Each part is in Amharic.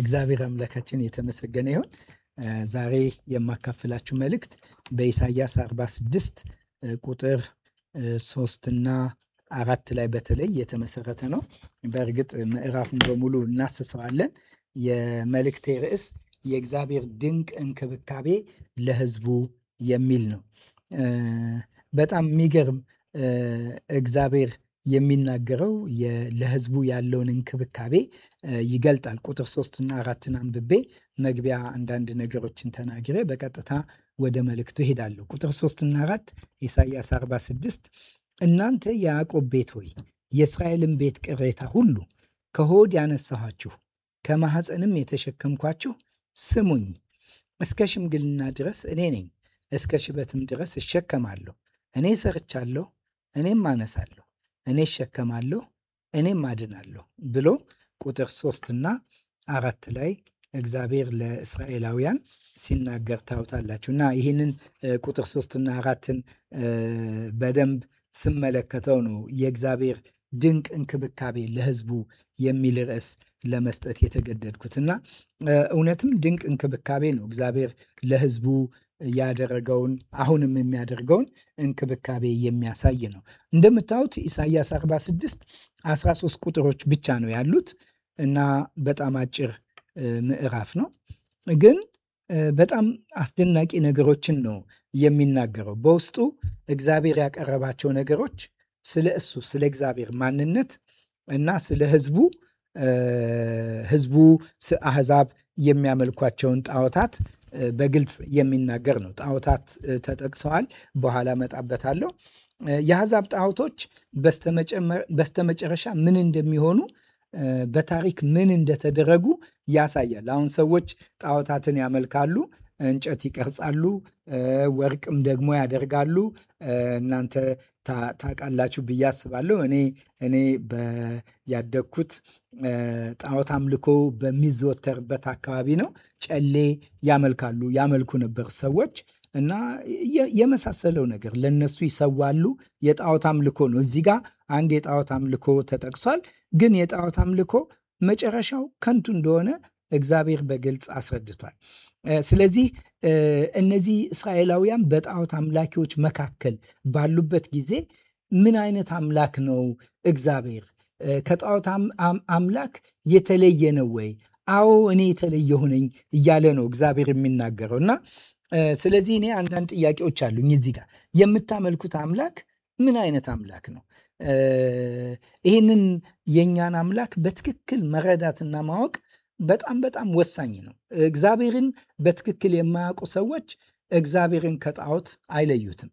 እግዚአብሔር አምላካችን የተመሰገነ ይሁን። ዛሬ የማካፍላችሁ መልእክት በኢሳያስ 46 ቁጥር ሶስትና አራት ላይ በተለይ የተመሰረተ ነው። በእርግጥ ምዕራፉን በሙሉ እናስሰዋለን። የመልእክቴ ርዕስ የእግዚአብሔር ድንቅ እንክብካቤ ለሕዝቡ የሚል ነው። በጣም የሚገርም እግዚአብሔር የሚናገረው ለህዝቡ ያለውን እንክብካቤ ይገልጣል። ቁጥር ሶስትና አራትን አንብቤ መግቢያ አንዳንድ ነገሮችን ተናግሬ በቀጥታ ወደ መልእክቱ ሄዳለሁ ቁጥር ሶስትና አራት ኢሳይያስ 46 እናንተ የያዕቆብ ቤት ሆይ የእስራኤልን ቤት ቅሬታ ሁሉ ከሆድ ያነሳኋችሁ ከማሐፀንም የተሸከምኳችሁ ስሙኝ። እስከ ሽምግልና ድረስ እኔ ነኝ፣ እስከ ሽበትም ድረስ እሸከማለሁ። እኔ ሰርቻለሁ፣ እኔም አነሳለሁ እኔ እሸከማለሁ እኔም አድናለሁ ብሎ ቁጥር ሶስትና አራት ላይ እግዚአብሔር ለእስራኤላውያን ሲናገር ታውታላችሁ እና ይህንን ቁጥር ሶስትና አራትን በደንብ ስመለከተው ነው የእግዚአብሔር ድንቅ እንክብካቤ ለህዝቡ የሚል ርዕስ ለመስጠት የተገደድኩት እና እውነትም ድንቅ እንክብካቤ ነው እግዚአብሔር ለህዝቡ። ያደረገውን አሁንም የሚያደርገውን እንክብካቤ የሚያሳይ ነው። እንደምታዩት ኢሳያስ 46 13 ቁጥሮች ብቻ ነው ያሉት እና በጣም አጭር ምዕራፍ ነው ግን በጣም አስደናቂ ነገሮችን ነው የሚናገረው። በውስጡ እግዚአብሔር ያቀረባቸው ነገሮች ስለ እሱ ስለ እግዚአብሔር ማንነት እና ስለ ሕዝቡ ህዝቡ አህዛብ የሚያመልኳቸውን ጣዖታት በግልጽ የሚናገር ነው። ጣዖታት ተጠቅሰዋል። በኋላ አለው። የአህዛብ ጣዖቶች በስተመጨረሻ ምን እንደሚሆኑ በታሪክ ምን እንደተደረጉ ያሳያል። አሁን ሰዎች ጣዖታትን ያመልካሉ፣ እንጨት ይቀርጻሉ፣ ወርቅም ደግሞ ያደርጋሉ። እናንተ ታውቃላችሁ ብዬ አስባለሁ። እኔ እኔ ያደግኩት ጣዖት አምልኮ በሚዘወተርበት አካባቢ ነው። ጨሌ ያመልካሉ ያመልኩ ነበር ሰዎች እና የመሳሰለው ነገር ለነሱ ይሰዋሉ። የጣዖት አምልኮ ነው። እዚህ ጋር አንድ የጣዖት አምልኮ ተጠቅሷል። ግን የጣዖት አምልኮ መጨረሻው ከንቱ እንደሆነ እግዚአብሔር በግልጽ አስረድቷል። ስለዚህ እነዚህ እስራኤላውያን በጣዖት አምላኪዎች መካከል ባሉበት ጊዜ ምን አይነት አምላክ ነው እግዚአብሔር ከጣዖት አምላክ የተለየ ነው ወይ? አዎ እኔ የተለየ ሆነኝ እያለ ነው እግዚአብሔር የሚናገረው እና ስለዚህ እኔ አንዳንድ ጥያቄዎች አሉኝ እዚህ ጋር የምታመልኩት አምላክ ምን አይነት አምላክ ነው? ይህንን የእኛን አምላክ በትክክል መረዳትና ማወቅ በጣም በጣም ወሳኝ ነው። እግዚአብሔርን በትክክል የማያውቁ ሰዎች እግዚአብሔርን ከጣዖት አይለዩትም።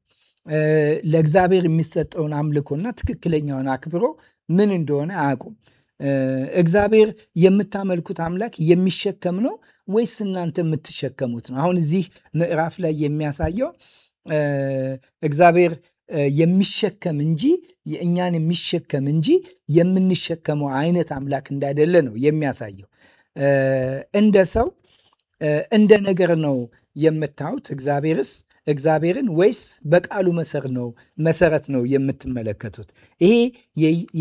ለእግዚአብሔር የሚሰጠውን አምልኮና ትክክለኛውን አክብሮ ምን እንደሆነ አያውቁም። እግዚአብሔር የምታመልኩት አምላክ የሚሸከም ነው ወይስ እናንተ የምትሸከሙት ነው? አሁን እዚህ ምዕራፍ ላይ የሚያሳየው እግዚአብሔር የሚሸከም እንጂ እኛን የሚሸከም እንጂ የምንሸከመው አይነት አምላክ እንዳይደለ ነው የሚያሳየው። እንደ ሰው እንደ ነገር ነው የምታዩት፣ እግዚአብሔርስ እግዚአብሔርን ወይስ በቃሉ መሰረት ነው የምትመለከቱት? ይሄ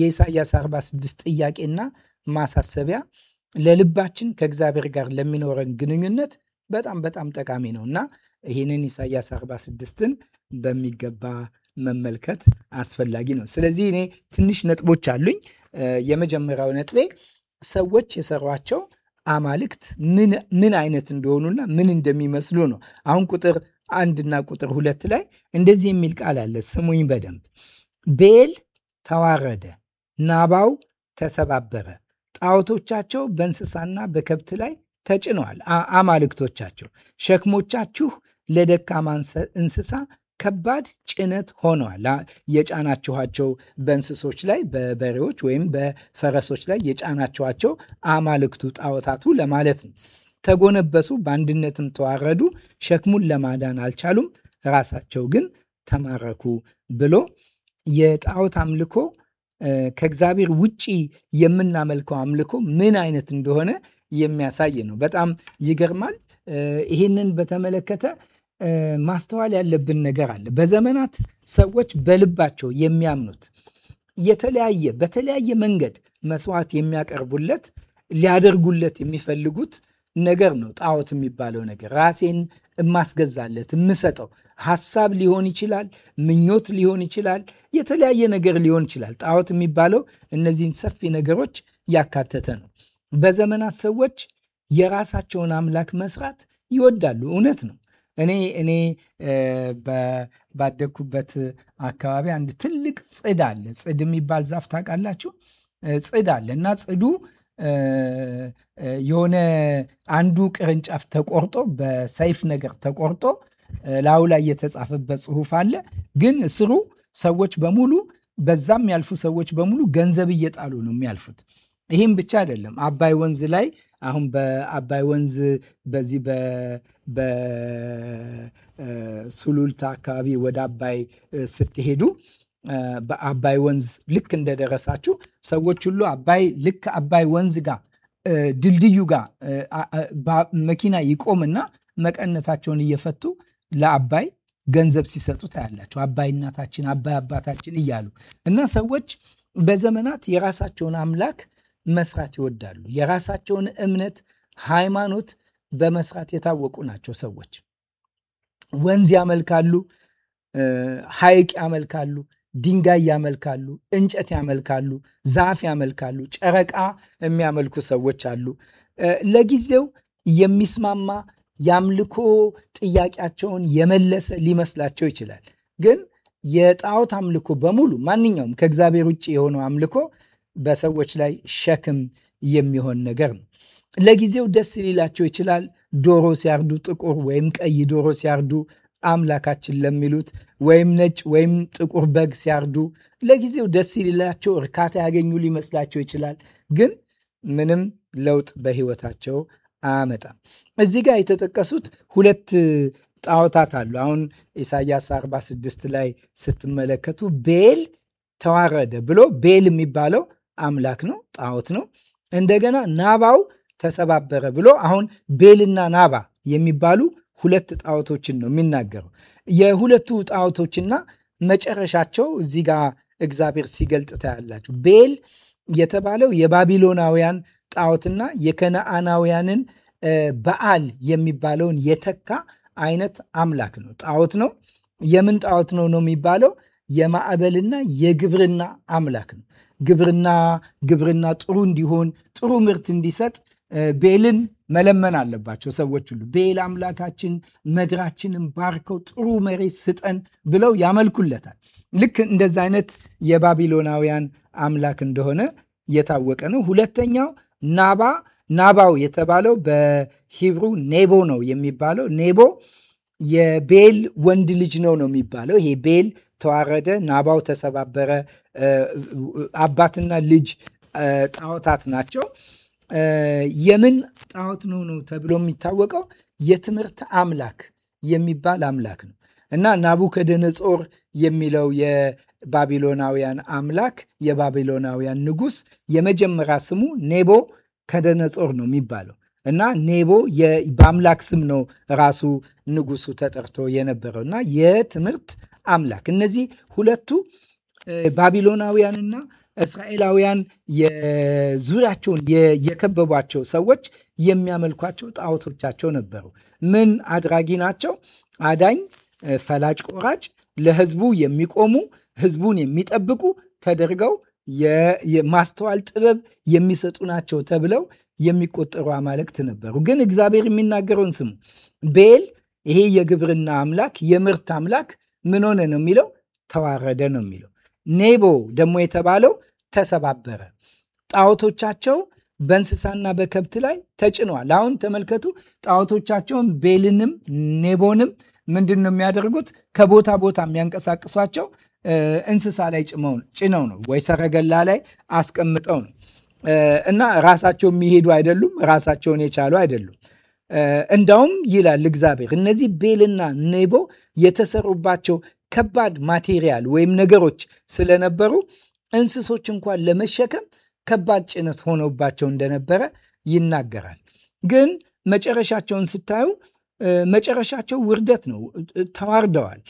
የኢሳያስ 46 ጥያቄና ማሳሰቢያ ለልባችን ከእግዚአብሔር ጋር ለሚኖረን ግንኙነት በጣም በጣም ጠቃሚ ነው እና ይህንን ኢሳያስ 46ን በሚገባ መመልከት አስፈላጊ ነው። ስለዚህ እኔ ትንሽ ነጥቦች አሉኝ። የመጀመሪያው ነጥቤ ሰዎች የሰሯቸው አማልክት ምን አይነት እንደሆኑና ምን እንደሚመስሉ ነው። አሁን ቁጥር አንድና ቁጥር ሁለት ላይ እንደዚህ የሚል ቃል አለ። ስሙኝ በደንብ ቤል ተዋረደ፣ ናባው ተሰባበረ፣ ጣዖቶቻቸው በእንስሳና በከብት ላይ ተጭነዋል። አማልክቶቻቸው ሸክሞቻችሁ ለደካማ እንስሳ ከባድ ጭነት ሆነዋል። የጫናችኋቸው በእንስሶች ላይ በበሬዎች ወይም በፈረሶች ላይ የጫናችኋቸው አማልክቱ ጣዖታቱ ለማለት ነው። ተጎነበሱ፣ በአንድነትም ተዋረዱ፣ ሸክሙን ለማዳን አልቻሉም፣ ራሳቸው ግን ተማረኩ ብሎ የጣዖት አምልኮ ከእግዚአብሔር ውጪ የምናመልከው አምልኮ ምን አይነት እንደሆነ የሚያሳይ ነው። በጣም ይገርማል። ይህንን በተመለከተ ማስተዋል ያለብን ነገር አለ። በዘመናት ሰዎች በልባቸው የሚያምኑት የተለያየ በተለያየ መንገድ መስዋዕት የሚያቀርቡለት ሊያደርጉለት የሚፈልጉት ነገር ነው ጣዖት የሚባለው ነገር። ራሴን የማስገዛለት የምሰጠው ሀሳብ ሊሆን ይችላል፣ ምኞት ሊሆን ይችላል፣ የተለያየ ነገር ሊሆን ይችላል። ጣዖት የሚባለው እነዚህን ሰፊ ነገሮች ያካተተ ነው። በዘመናት ሰዎች የራሳቸውን አምላክ መስራት ይወዳሉ። እውነት ነው። እኔ እኔ ባደግኩበት አካባቢ አንድ ትልቅ ጽድ አለ። ጽድ የሚባል ዛፍ ታውቃላችሁ? ጽድ አለ እና ጽዱ የሆነ አንዱ ቅርንጫፍ ተቆርጦ በሰይፍ ነገር ተቆርጦ ላዩ ላይ የተጻፈበት ጽሁፍ አለ። ግን ስሩ ሰዎች በሙሉ በዛም ያልፉ ሰዎች በሙሉ ገንዘብ እየጣሉ ነው የሚያልፉት። ይህም ብቻ አይደለም። አባይ ወንዝ ላይ አሁን በአባይ ወንዝ በዚህ በሱሉልታ አካባቢ ወደ አባይ ስትሄዱ በአባይ ወንዝ ልክ እንደደረሳችሁ ሰዎች ሁሉ አባይ ልክ አባይ ወንዝ ጋር ድልድዩ ጋር መኪና ይቆምና መቀነታቸውን እየፈቱ ለአባይ ገንዘብ ሲሰጡ ታያላቸው። አባይ እናታችን፣ አባይ አባታችን እያሉ እና ሰዎች በዘመናት የራሳቸውን አምላክ መስራት ይወዳሉ። የራሳቸውን እምነት፣ ሃይማኖት በመስራት የታወቁ ናቸው። ሰዎች ወንዝ ያመልካሉ፣ ሐይቅ ያመልካሉ፣ ድንጋይ ያመልካሉ፣ እንጨት ያመልካሉ፣ ዛፍ ያመልካሉ፣ ጨረቃ የሚያመልኩ ሰዎች አሉ። ለጊዜው የሚስማማ የአምልኮ ጥያቄያቸውን የመለሰ ሊመስላቸው ይችላል። ግን የጣዖት አምልኮ በሙሉ ማንኛውም ከእግዚአብሔር ውጭ የሆነው አምልኮ በሰዎች ላይ ሸክም የሚሆን ነገር ነው። ለጊዜው ደስ ሊላቸው ይችላል። ዶሮ ሲያርዱ ጥቁር ወይም ቀይ ዶሮ ሲያርዱ አምላካችን ለሚሉት ወይም ነጭ ወይም ጥቁር በግ ሲያርዱ ለጊዜው ደስ ሊላቸው እርካታ ያገኙ ሊመስላቸው ይችላል። ግን ምንም ለውጥ በህይወታቸው አያመጣም። እዚህ ጋር የተጠቀሱት ሁለት ጣዖታት አሉ። አሁን ኢሳያስ 46 ላይ ስትመለከቱ ቤል ተዋረደ ብሎ ቤል የሚባለው አምላክ ነው፣ ጣዖት ነው። እንደገና ናባው ተሰባበረ ብሎ አሁን ቤልና ናባ የሚባሉ ሁለት ጣዖቶችን ነው የሚናገረው። የሁለቱ ጣዖቶችና መጨረሻቸው እዚህ ጋር እግዚአብሔር ሲገልጥ ታያላችሁ። ቤል የተባለው የባቢሎናውያን ጣዖትና የከነአናውያንን በዓል የሚባለውን የተካ አይነት አምላክ ነው፣ ጣዖት ነው። የምን ጣዖት ነው ነው የሚባለው? የማዕበልና የግብርና አምላክ ነው። ግብርና ግብርና ጥሩ እንዲሆን ጥሩ ምርት እንዲሰጥ ቤልን መለመን አለባቸው ሰዎች ሁሉ። ቤል አምላካችን ምድራችንን ባርከው ጥሩ መሬት ስጠን ብለው ያመልኩለታል። ልክ እንደዚ አይነት የባቢሎናውያን አምላክ እንደሆነ የታወቀ ነው። ሁለተኛው ናባ ናባው የተባለው በሂብሩ ኔቦ ነው የሚባለው። ኔቦ የቤል ወንድ ልጅ ነው ነው የሚባለው። ይሄ ቤል ተዋረደ፣ ናባው ተሰባበረ። አባትና ልጅ ጣዖታት ናቸው። የምን ጣዖት ነው ነው ተብሎ የሚታወቀው የትምህርት አምላክ የሚባል አምላክ ነው እና ናቡከደነጾር የሚለው የባቢሎናውያን አምላክ የባቢሎናውያን ንጉስ የመጀመሪያ ስሙ ኔቦ ከደነጾር ነው የሚባለው እና ኔቦ በአምላክ ስም ነው ራሱ ንጉሱ ተጠርቶ የነበረው እና የትምህርት አምላክ እነዚህ ሁለቱ ባቢሎናውያንና እስራኤላውያን የዙሪያቸውን የከበቧቸው ሰዎች የሚያመልኳቸው ጣዖቶቻቸው ነበሩ። ምን አድራጊ ናቸው? አዳኝ፣ ፈላጭ ቆራጭ፣ ለህዝቡ የሚቆሙ ህዝቡን የሚጠብቁ ተደርገው የማስተዋል ጥበብ የሚሰጡ ናቸው ተብለው የሚቆጠሩ አማልክት ነበሩ። ግን እግዚአብሔር የሚናገረውን ስሙ። ቤል ይሄ የግብርና አምላክ የምርት አምላክ ምን ሆነ ነው የሚለው ተዋረደ ነው የሚለው። ኔቦ ደግሞ የተባለው ተሰባበረ። ጣዖቶቻቸው በእንስሳና በከብት ላይ ተጭነዋል። አሁን ተመልከቱ። ጣዖቶቻቸውን ቤልንም ኔቦንም ምንድን ነው የሚያደርጉት? ከቦታ ቦታ የሚያንቀሳቅሷቸው እንስሳ ላይ ጭነው ነው ወይ ሰረገላ ላይ አስቀምጠው ነው እና ራሳቸው የሚሄዱ አይደሉም። ራሳቸውን የቻሉ አይደሉም። እንዳውም ይላል እግዚአብሔር እነዚህ ቤልና ኔቦ የተሰሩባቸው ከባድ ማቴሪያል ወይም ነገሮች ስለነበሩ እንስሶች እንኳን ለመሸከም ከባድ ጭነት ሆኖባቸው እንደነበረ ይናገራል። ግን መጨረሻቸውን ስታዩ መጨረሻቸው ውርደት ነው። ተዋርደዋል።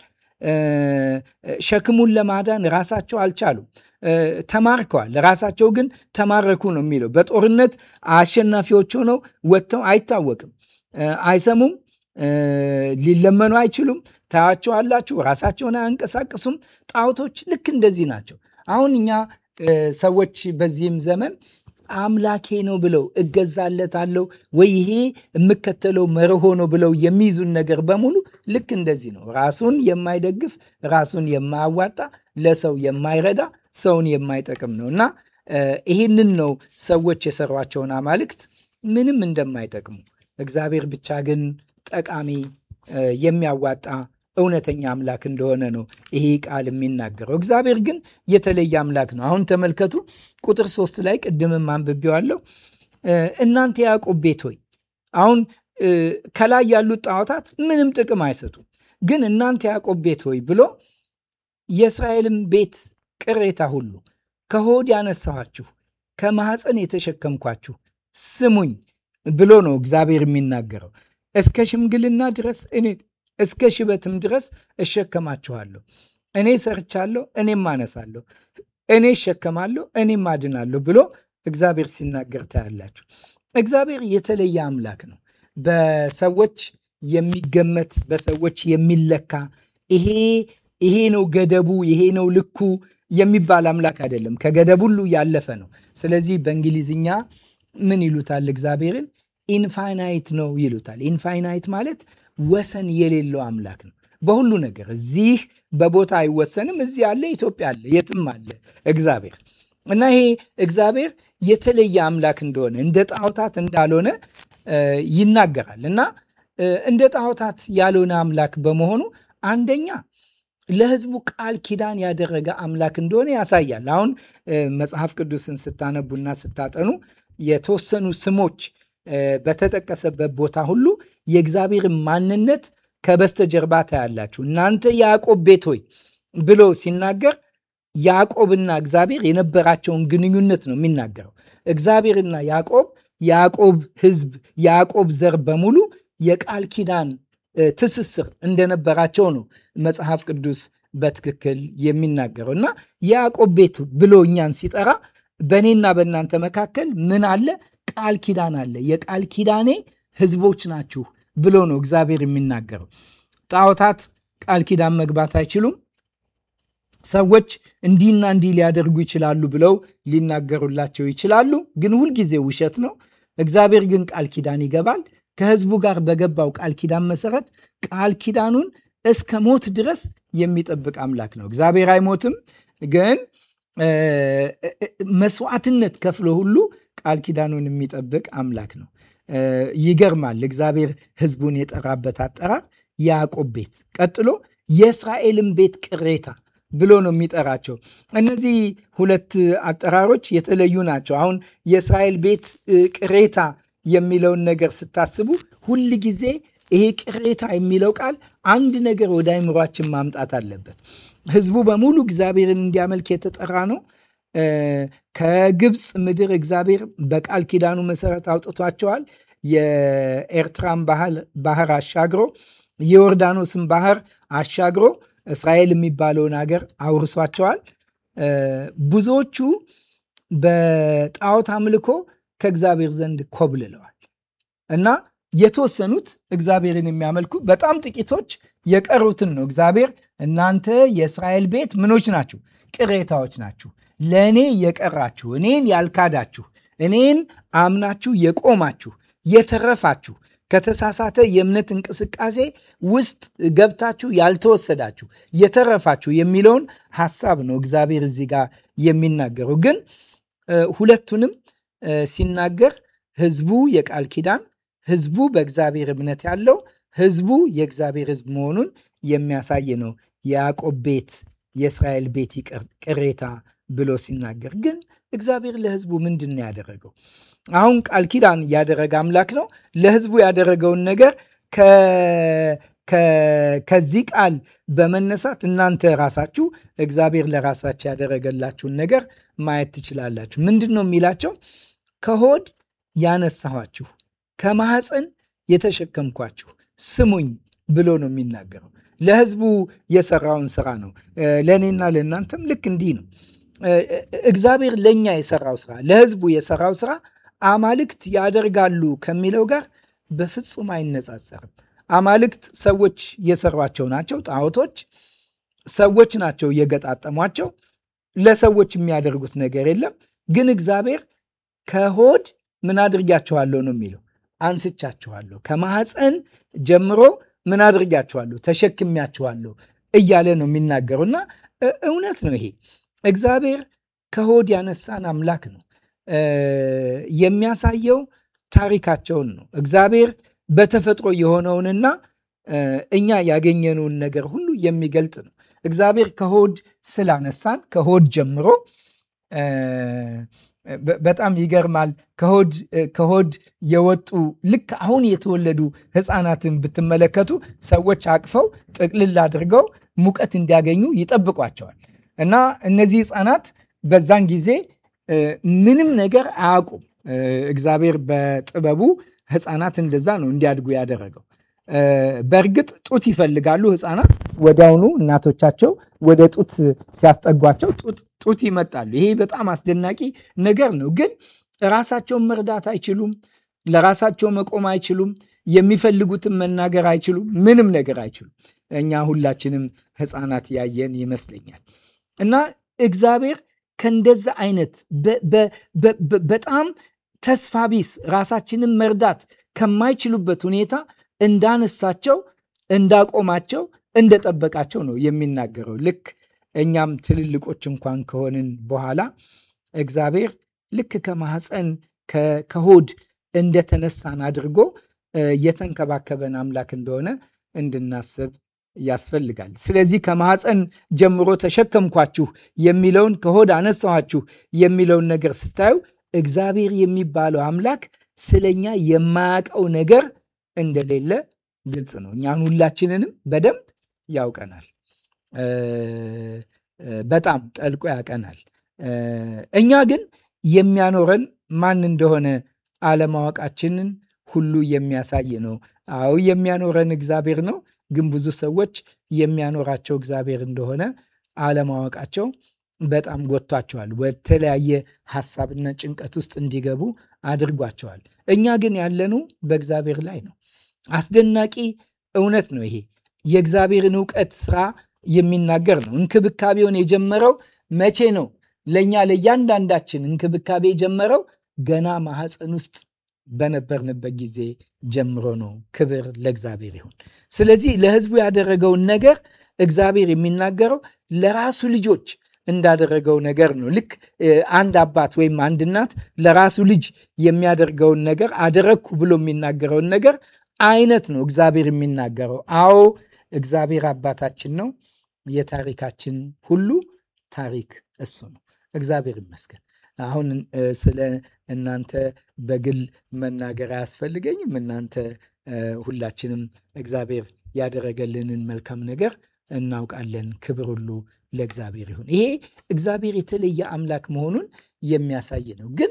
ሸክሙን ለማዳን ራሳቸው አልቻሉም። ተማርከዋል። ራሳቸው ግን ተማረኩ ነው የሚለው። በጦርነት አሸናፊዎች ሆነው ወጥተው አይታወቅም። አይሰሙም፣ ሊለመኑ አይችሉም። ታያቸዋላችሁ። ራሳቸውን አያንቀሳቅሱም። ጣዖቶች ልክ እንደዚህ ናቸው። አሁን እኛ ሰዎች በዚህም ዘመን አምላኬ ነው ብለው እገዛለታለሁ ወይ ይሄ የምከተለው መርሆ ነው ብለው የሚይዙን ነገር በሙሉ ልክ እንደዚህ ነው። ራሱን የማይደግፍ ራሱን የማያዋጣ ለሰው የማይረዳ ሰውን የማይጠቅም ነው እና ይህንን ነው ሰዎች የሰሯቸውን አማልክት ምንም እንደማይጠቅሙ እግዚአብሔር ብቻ ግን ጠቃሚ የሚያዋጣ እውነተኛ አምላክ እንደሆነ ነው ይሄ ቃል የሚናገረው። እግዚአብሔር ግን የተለየ አምላክ ነው። አሁን ተመልከቱ ቁጥር ሶስት ላይ ቅድምም አንብቤዋለሁ። እናንተ ያዕቆብ ቤት ሆይ አሁን ከላይ ያሉት ጣዖታት ምንም ጥቅም አይሰጡም። ግን እናንተ ያዕቆብ ቤት ሆይ ብሎ የእስራኤልም ቤት ቅሬታ ሁሉ ከሆድ ያነሳኋችሁ ከማኅፀን የተሸከምኳችሁ ስሙኝ ብሎ ነው እግዚአብሔር የሚናገረው። እስከ ሽምግልና ድረስ እኔ እስከ ሽበትም ድረስ እሸከማችኋለሁ። እኔ ሰርቻለሁ፣ እኔም አነሳለሁ፣ እኔ እሸከማለሁ፣ እኔም አድናለሁ ብሎ እግዚአብሔር ሲናገር ታያላችሁ። እግዚአብሔር የተለየ አምላክ ነው። በሰዎች የሚገመት በሰዎች የሚለካ ይሄ ይሄ ነው ገደቡ፣ ይሄ ነው ልኩ የሚባል አምላክ አይደለም። ከገደብ ሁሉ ያለፈ ነው። ስለዚህ በእንግሊዝኛ ምን ይሉታል? እግዚአብሔርን ኢንፋይናይት ነው ይሉታል። ኢንፋይናይት ማለት ወሰን የሌለው አምላክ ነው። በሁሉ ነገር እዚህ በቦታ አይወሰንም። እዚህ አለ፣ ኢትዮጵያ አለ፣ የትም አለ እግዚአብሔር እና ይሄ እግዚአብሔር የተለየ አምላክ እንደሆነ እንደ ጣዖታት እንዳልሆነ ይናገራል። እና እንደ ጣዖታት ያልሆነ አምላክ በመሆኑ አንደኛ ለሕዝቡ ቃል ኪዳን ያደረገ አምላክ እንደሆነ ያሳያል። አሁን መጽሐፍ ቅዱስን ስታነቡና ስታጠኑ የተወሰኑ ስሞች በተጠቀሰበት ቦታ ሁሉ የእግዚአብሔርን ማንነት ከበስተጀርባ ታያላችሁ። እናንተ ያዕቆብ ቤት ሆይ ብሎ ሲናገር ያዕቆብና እግዚአብሔር የነበራቸውን ግንኙነት ነው የሚናገረው። እግዚአብሔርና ያዕቆብ ያዕቆብ ሕዝብ ያዕቆብ ዘር በሙሉ የቃል ኪዳን ትስስር እንደነበራቸው ነው መጽሐፍ ቅዱስ በትክክል የሚናገረው እና ያዕቆብ ቤት ብሎ እኛን ሲጠራ በእኔና በእናንተ መካከል ምን አለ? ቃል ኪዳን አለ። የቃል ኪዳኔ ህዝቦች ናችሁ ብሎ ነው እግዚአብሔር የሚናገረው። ጣዖታት ቃል ኪዳን መግባት አይችሉም። ሰዎች እንዲህና እንዲህ ሊያደርጉ ይችላሉ ብለው ሊናገሩላቸው ይችላሉ፣ ግን ሁልጊዜ ውሸት ነው። እግዚአብሔር ግን ቃል ኪዳን ይገባል። ከህዝቡ ጋር በገባው ቃል ኪዳን መሰረት ቃል ኪዳኑን እስከ ሞት ድረስ የሚጠብቅ አምላክ ነው። እግዚአብሔር አይሞትም፣ ግን መስዋዕትነት ከፍሎ ሁሉ ቃል ኪዳኑን የሚጠብቅ አምላክ ነው። ይገርማል። እግዚአብሔር ሕዝቡን የጠራበት አጠራር ያዕቆብ ቤት፣ ቀጥሎ የእስራኤልን ቤት ቅሬታ ብሎ ነው የሚጠራቸው። እነዚህ ሁለት አጠራሮች የተለዩ ናቸው። አሁን የእስራኤል ቤት ቅሬታ የሚለውን ነገር ስታስቡ ሁል ጊዜ ይሄ ቅሬታ የሚለው ቃል አንድ ነገር ወደ አይምሯችን ማምጣት አለበት። ህዝቡ በሙሉ እግዚአብሔርን እንዲያመልክ የተጠራ ነው። ከግብፅ ምድር እግዚአብሔር በቃል ኪዳኑ መሰረት አውጥቷቸዋል። የኤርትራን ባህር አሻግሮ የዮርዳኖስን ባህር አሻግሮ እስራኤል የሚባለውን ሀገር አውርሷቸዋል። ብዙዎቹ በጣዖት አምልኮ ከእግዚአብሔር ዘንድ ኮብልለዋል እና የተወሰኑት እግዚአብሔርን የሚያመልኩ በጣም ጥቂቶች የቀሩትን ነው እግዚአብሔር እናንተ የእስራኤል ቤት ምኖች ናችሁ፣ ቅሬታዎች ናችሁ ለእኔ የቀራችሁ እኔን ያልካዳችሁ እኔን አምናችሁ የቆማችሁ የተረፋችሁ ከተሳሳተ የእምነት እንቅስቃሴ ውስጥ ገብታችሁ ያልተወሰዳችሁ የተረፋችሁ የሚለውን ሐሳብ ነው እግዚአብሔር እዚህ ጋር የሚናገረው። ግን ሁለቱንም ሲናገር ህዝቡ የቃል ኪዳን ህዝቡ በእግዚአብሔር እምነት ያለው ህዝቡ የእግዚአብሔር ህዝብ መሆኑን የሚያሳይ ነው። የያዕቆብ ቤት የእስራኤል ቤት ቅሬታ ብሎ ሲናገር ግን እግዚአብሔር ለህዝቡ ምንድን ነው ያደረገው? አሁን ቃል ኪዳን ያደረገ አምላክ ነው። ለህዝቡ ያደረገውን ነገር ከዚህ ቃል በመነሳት እናንተ ራሳችሁ እግዚአብሔር ለራሳችሁ ያደረገላችሁን ነገር ማየት ትችላላችሁ። ምንድን ነው የሚላቸው? ከሆድ ያነሳኋችሁ፣ ከማህፀን የተሸከምኳችሁ ስሙኝ ብሎ ነው የሚናገረው። ለህዝቡ የሰራውን ስራ ነው። ለእኔና ለእናንተም ልክ እንዲህ ነው። እግዚአብሔር ለእኛ የሰራው ስራ ለህዝቡ የሰራው ስራ አማልክት ያደርጋሉ ከሚለው ጋር በፍጹም አይነጻጸርም። አማልክት ሰዎች የሰሯቸው ናቸው። ጣዖቶች ሰዎች ናቸው የገጣጠሟቸው። ለሰዎች የሚያደርጉት ነገር የለም። ግን እግዚአብሔር ከሆድ ምን አድርጊያችኋለሁ ነው የሚለው፣ አንስቻችኋለሁ፣ ከማህፀን ጀምሮ ምን አድርጊያችኋለሁ፣ ተሸክሚያችኋለሁ እያለ ነው የሚናገሩና እውነት ነው ይሄ እግዚአብሔር ከሆድ ያነሳን አምላክ ነው። የሚያሳየው ታሪካቸውን ነው። እግዚአብሔር በተፈጥሮ የሆነውንና እኛ ያገኘነውን ነገር ሁሉ የሚገልጥ ነው። እግዚአብሔር ከሆድ ስላነሳን ከሆድ ጀምሮ በጣም ይገርማል። ከሆድ ከሆድ የወጡ ልክ አሁን የተወለዱ ሕፃናትን ብትመለከቱ ሰዎች አቅፈው ጥቅልል አድርገው ሙቀት እንዲያገኙ ይጠብቋቸዋል። እና እነዚህ ህፃናት በዛን ጊዜ ምንም ነገር አያውቁም። እግዚአብሔር በጥበቡ ህፃናት እንደዛ ነው እንዲያድጉ ያደረገው። በእርግጥ ጡት ይፈልጋሉ ህፃናት። ወዲያውኑ እናቶቻቸው ወደ ጡት ሲያስጠጓቸው ጡት ይመጣሉ። ይሄ በጣም አስደናቂ ነገር ነው። ግን ራሳቸውን መርዳት አይችሉም። ለራሳቸው መቆም አይችሉም። የሚፈልጉትን መናገር አይችሉም። ምንም ነገር አይችሉም። እኛ ሁላችንም ህፃናት ያየን ይመስለኛል። እና እግዚአብሔር ከእንደዛ አይነት በጣም ተስፋ ቢስ ራሳችንን መርዳት ከማይችሉበት ሁኔታ እንዳነሳቸው፣ እንዳቆማቸው፣ እንደጠበቃቸው ነው የሚናገረው። ልክ እኛም ትልልቆች እንኳን ከሆንን በኋላ እግዚአብሔር ልክ ከማህፀን ከሆድ እንደተነሳን አድርጎ የተንከባከበን አምላክ እንደሆነ እንድናስብ ያስፈልጋል። ስለዚህ ከማህፀን ጀምሮ ተሸከምኳችሁ የሚለውን ከሆድ አነሳኋችሁ የሚለውን ነገር ስታዩ እግዚአብሔር የሚባለው አምላክ ስለኛ የማያውቀው ነገር እንደሌለ ግልጽ ነው። እኛን ሁላችንንም በደንብ ያውቀናል። በጣም ጠልቆ ያውቀናል። እኛ ግን የሚያኖረን ማን እንደሆነ አለማወቃችንን ሁሉ የሚያሳይ ነው። አዎ የሚያኖረን እግዚአብሔር ነው። ግን ብዙ ሰዎች የሚያኖራቸው እግዚአብሔር እንደሆነ አለማወቃቸው በጣም ጎጥቷቸዋል። በተለያየ ሀሳብና ጭንቀት ውስጥ እንዲገቡ አድርጓቸዋል። እኛ ግን ያለኑ በእግዚአብሔር ላይ ነው። አስደናቂ እውነት ነው ይሄ። የእግዚአብሔርን እውቀት ስራ የሚናገር ነው። እንክብካቤውን የጀመረው መቼ ነው? ለእኛ ለእያንዳንዳችን እንክብካቤ የጀመረው ገና ማህፀን ውስጥ በነበርንበት ጊዜ ጀምሮ ነው። ክብር ለእግዚአብሔር ይሁን። ስለዚህ ለሕዝቡ ያደረገውን ነገር እግዚአብሔር የሚናገረው ለራሱ ልጆች እንዳደረገው ነገር ነው። ልክ አንድ አባት ወይም አንድ እናት ለራሱ ልጅ የሚያደርገውን ነገር አደረግኩ ብሎ የሚናገረውን ነገር አይነት ነው እግዚአብሔር የሚናገረው። አዎ እግዚአብሔር አባታችን ነው። የታሪካችን ሁሉ ታሪክ እሱ ነው። እግዚአብሔር ይመስገን። አሁን ስለ እናንተ በግል መናገር አያስፈልገኝም። እናንተ ሁላችንም እግዚአብሔር ያደረገልንን መልካም ነገር እናውቃለን። ክብር ሁሉ ለእግዚአብሔር ይሁን። ይሄ እግዚአብሔር የተለየ አምላክ መሆኑን የሚያሳይ ነው። ግን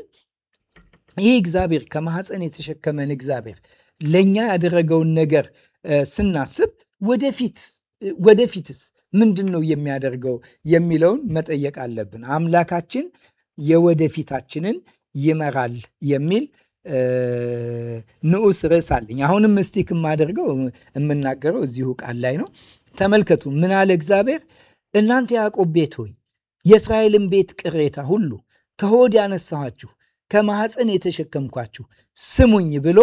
ይህ እግዚአብሔር ከማኅፀን የተሸከመን እግዚአብሔር ለእኛ ያደረገውን ነገር ስናስብ ወደፊት ወደፊትስ ምንድን ነው የሚያደርገው የሚለውን መጠየቅ አለብን። አምላካችን የወደፊታችንን ይመራል የሚል ንዑስ ርዕስ አለኝ። አሁንም ምስቲክ የማደርገው የምናገረው እዚሁ ቃል ላይ ነው። ተመልከቱ፣ ምን አለ እግዚአብሔር? እናንተ ያዕቆብ ቤት ሆይ የእስራኤልን ቤት ቅሬታ ሁሉ ከሆድ ያነሳኋችሁ ከማኅፀን የተሸከምኳችሁ ስሙኝ ብሎ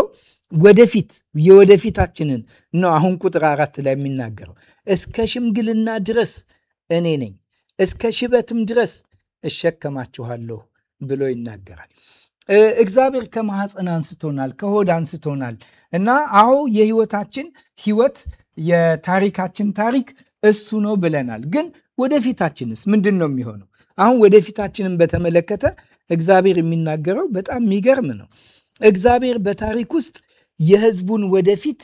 ወደፊት የወደፊታችንን ነው። አሁን ቁጥር አራት ላይ የሚናገረው እስከ ሽምግልና ድረስ እኔ ነኝ፣ እስከ ሽበትም ድረስ እሸከማችኋለሁ ብሎ ይናገራል። እግዚአብሔር ከማኅፀን አንስቶናል፣ ከሆድ አንስቶናል እና አዎ የህይወታችን ህይወት የታሪካችን ታሪክ እሱ ነው ብለናል። ግን ወደፊታችንስ ምንድን ነው የሚሆነው? አሁን ወደፊታችንን በተመለከተ እግዚአብሔር የሚናገረው በጣም የሚገርም ነው። እግዚአብሔር በታሪክ ውስጥ የህዝቡን ወደፊት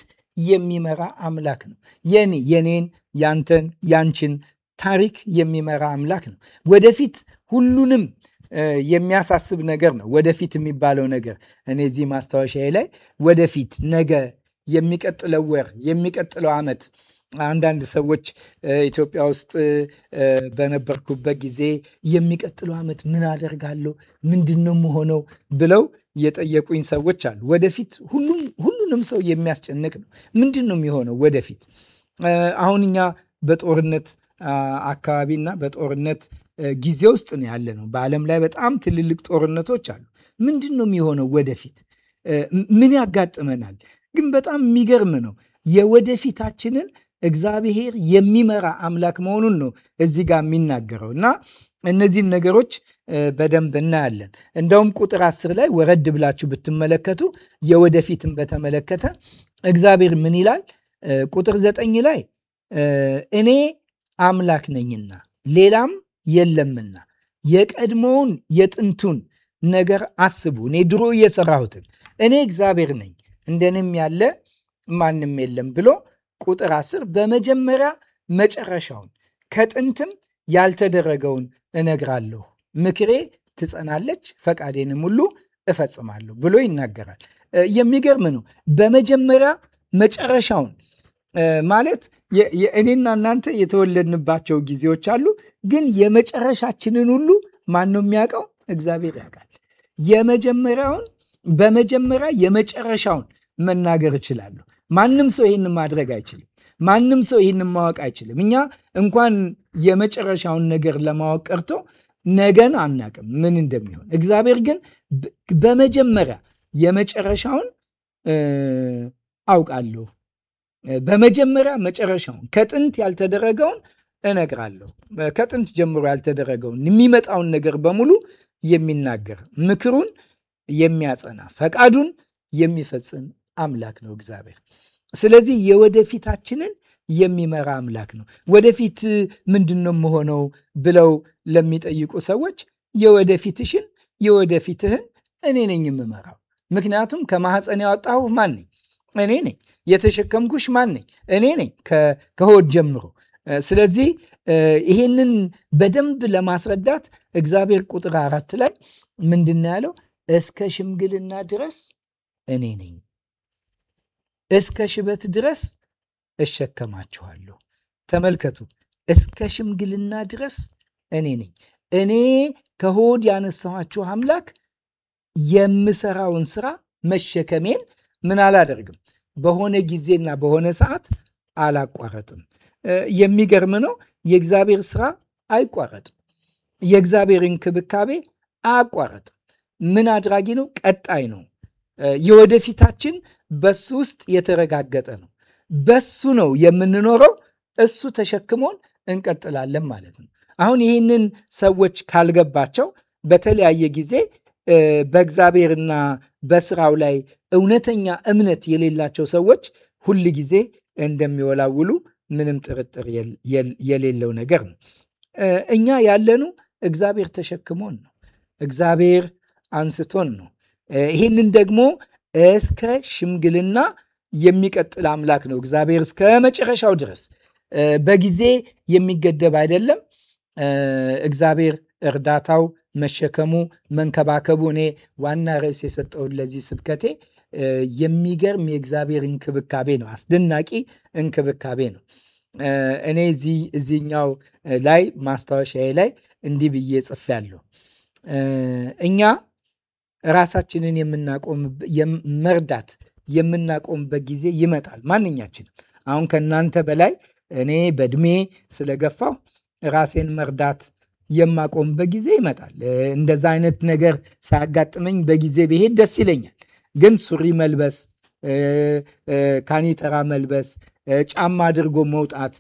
የሚመራ አምላክ ነው። የኔ የኔን፣ ያንተን፣ ያንችን ታሪክ የሚመራ አምላክ ነው። ወደፊት ሁሉንም የሚያሳስብ ነገር ነው። ወደፊት የሚባለው ነገር እኔ እዚህ ማስታወሻዬ ላይ ወደፊት፣ ነገ፣ የሚቀጥለው ወር፣ የሚቀጥለው ዓመት አንዳንድ ሰዎች ኢትዮጵያ ውስጥ በነበርኩበት ጊዜ የሚቀጥለው ዓመት ምን አደርጋለሁ፣ ምንድን ነው ብለው የጠየቁኝ ሰዎች አሉ። ወደፊት ሁሉንም ሰው የሚያስጨንቅ ነው። ምንድን ነው የሚሆነው ወደፊት? አሁን እኛ በጦርነት አካባቢና በጦርነት ጊዜ ውስጥ ነው ያለ ነው። በዓለም ላይ በጣም ትልልቅ ጦርነቶች አሉ። ምንድን ነው የሚሆነው? ወደፊት ምን ያጋጥመናል? ግን በጣም የሚገርም ነው። የወደፊታችንን እግዚአብሔር የሚመራ አምላክ መሆኑን ነው እዚህ ጋር የሚናገረው እና እነዚህን ነገሮች በደንብ እናያለን። እንደውም ቁጥር አስር ላይ ወረድ ብላችሁ ብትመለከቱ የወደፊትን በተመለከተ እግዚአብሔር ምን ይላል? ቁጥር ዘጠኝ ላይ እኔ አምላክ ነኝና ሌላም የለምና የቀድሞውን የጥንቱን ነገር አስቡ። እኔ ድሮ የሰራሁትን እኔ እግዚአብሔር ነኝ እንደኔም ያለ ማንም የለም ብሎ ቁጥር አስር በመጀመሪያ መጨረሻውን ከጥንትም ያልተደረገውን እነግራለሁ፣ ምክሬ ትጸናለች፣ ፈቃዴንም ሁሉ እፈጽማለሁ ብሎ ይናገራል። የሚገርም ነው። በመጀመሪያ መጨረሻውን ማለት እኔና እናንተ የተወለድንባቸው ጊዜዎች አሉ። ግን የመጨረሻችንን ሁሉ ማን ነው የሚያውቀው? እግዚአብሔር ያውቃል። የመጀመሪያውን በመጀመሪያ የመጨረሻውን መናገር እችላለሁ። ማንም ሰው ይህን ማድረግ አይችልም። ማንም ሰው ይህን ማወቅ አይችልም። እኛ እንኳን የመጨረሻውን ነገር ለማወቅ ቀርቶ ነገን አናቅም ምን እንደሚሆን። እግዚአብሔር ግን በመጀመሪያ የመጨረሻውን አውቃለሁ በመጀመሪያ መጨረሻውን ከጥንት ያልተደረገውን እነግራለሁ። ከጥንት ጀምሮ ያልተደረገውን የሚመጣውን ነገር በሙሉ የሚናገር ምክሩን የሚያጸና ፈቃዱን የሚፈጽም አምላክ ነው እግዚአብሔር። ስለዚህ የወደፊታችንን የሚመራ አምላክ ነው። ወደፊት ምንድን ነው የምሆነው ብለው ለሚጠይቁ ሰዎች የወደፊትሽን የወደፊትህን እኔ ነኝ የምመራው። ምክንያቱም ከማህፀን ያወጣሁ ማን ነኝ? እኔ ነኝ። የተሸከምኩሽ ማን ነኝ? እኔ ነኝ ከሆድ ጀምሮ። ስለዚህ ይሄንን በደንብ ለማስረዳት እግዚአብሔር ቁጥር አራት ላይ ምንድን ያለው እስከ ሽምግልና ድረስ እኔ ነኝ፣ እስከ ሽበት ድረስ እሸከማችኋለሁ። ተመልከቱ፣ እስከ ሽምግልና ድረስ እኔ ነኝ። እኔ ከሆድ ያነሳኋችሁ አምላክ የምሰራውን ስራ መሸከሜን ምን አላደርግም በሆነ ጊዜና በሆነ ሰዓት አላቋረጥም። የሚገርም ነው። የእግዚአብሔር ስራ አይቋረጥም። የእግዚአብሔር እንክብካቤ አያቋረጥም። ምን አድራጊ ነው? ቀጣይ ነው። የወደፊታችን በሱ ውስጥ የተረጋገጠ ነው። በሱ ነው የምንኖረው። እሱ ተሸክሞን እንቀጥላለን ማለት ነው። አሁን ይህንን ሰዎች ካልገባቸው በተለያየ ጊዜ በእግዚአብሔርና በስራው ላይ እውነተኛ እምነት የሌላቸው ሰዎች ሁል ጊዜ እንደሚወላውሉ ምንም ጥርጥር የሌለው ነገር ነው። እኛ ያለኑ እግዚአብሔር ተሸክሞን ነው። እግዚአብሔር አንስቶን ነው። ይህንን ደግሞ እስከ ሽምግልና የሚቀጥል አምላክ ነው። እግዚአብሔር እስከ መጨረሻው ድረስ በጊዜ የሚገደብ አይደለም። እግዚአብሔር እርዳታው መሸከሙ፣ መንከባከቡ እኔ ዋና ርዕስ የሰጠውን ለዚህ ስብከቴ የሚገርም የእግዚአብሔር እንክብካቤ ነው። አስደናቂ እንክብካቤ ነው። እኔ እዚህኛው ላይ ማስታወሻዬ ላይ እንዲህ ብዬ ያለሁ እኛ ራሳችንን መርዳት የምናቆምበት ጊዜ ይመጣል። ማንኛችንም አሁን ከእናንተ በላይ እኔ በእድሜ ስለገፋሁ ራሴን መርዳት የማቆምበት ጊዜ ይመጣል። እንደዛ አይነት ነገር ሳያጋጥመኝ በጊዜ ብሄድ ደስ ይለኛል። ግን ሱሪ መልበስ፣ ካኒተራ መልበስ፣ ጫማ አድርጎ መውጣት፣